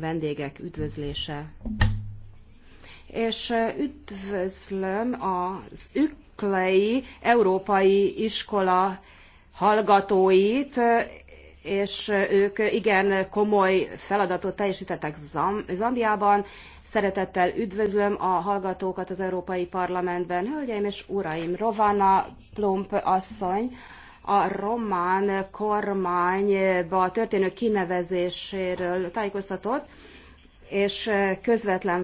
vendégek üdvözlése. És üdvözlöm az Üklei Európai Iskola hallgatóit, és ők igen komoly feladatot teljesítettek Zambiában. Szeretettel üdvözlöm a hallgatókat az Európai Parlamentben. Hölgyeim és uraim, Rovana Plump asszony, a román kormányba történő kinevezéséről tájékoztatott, és közvetlen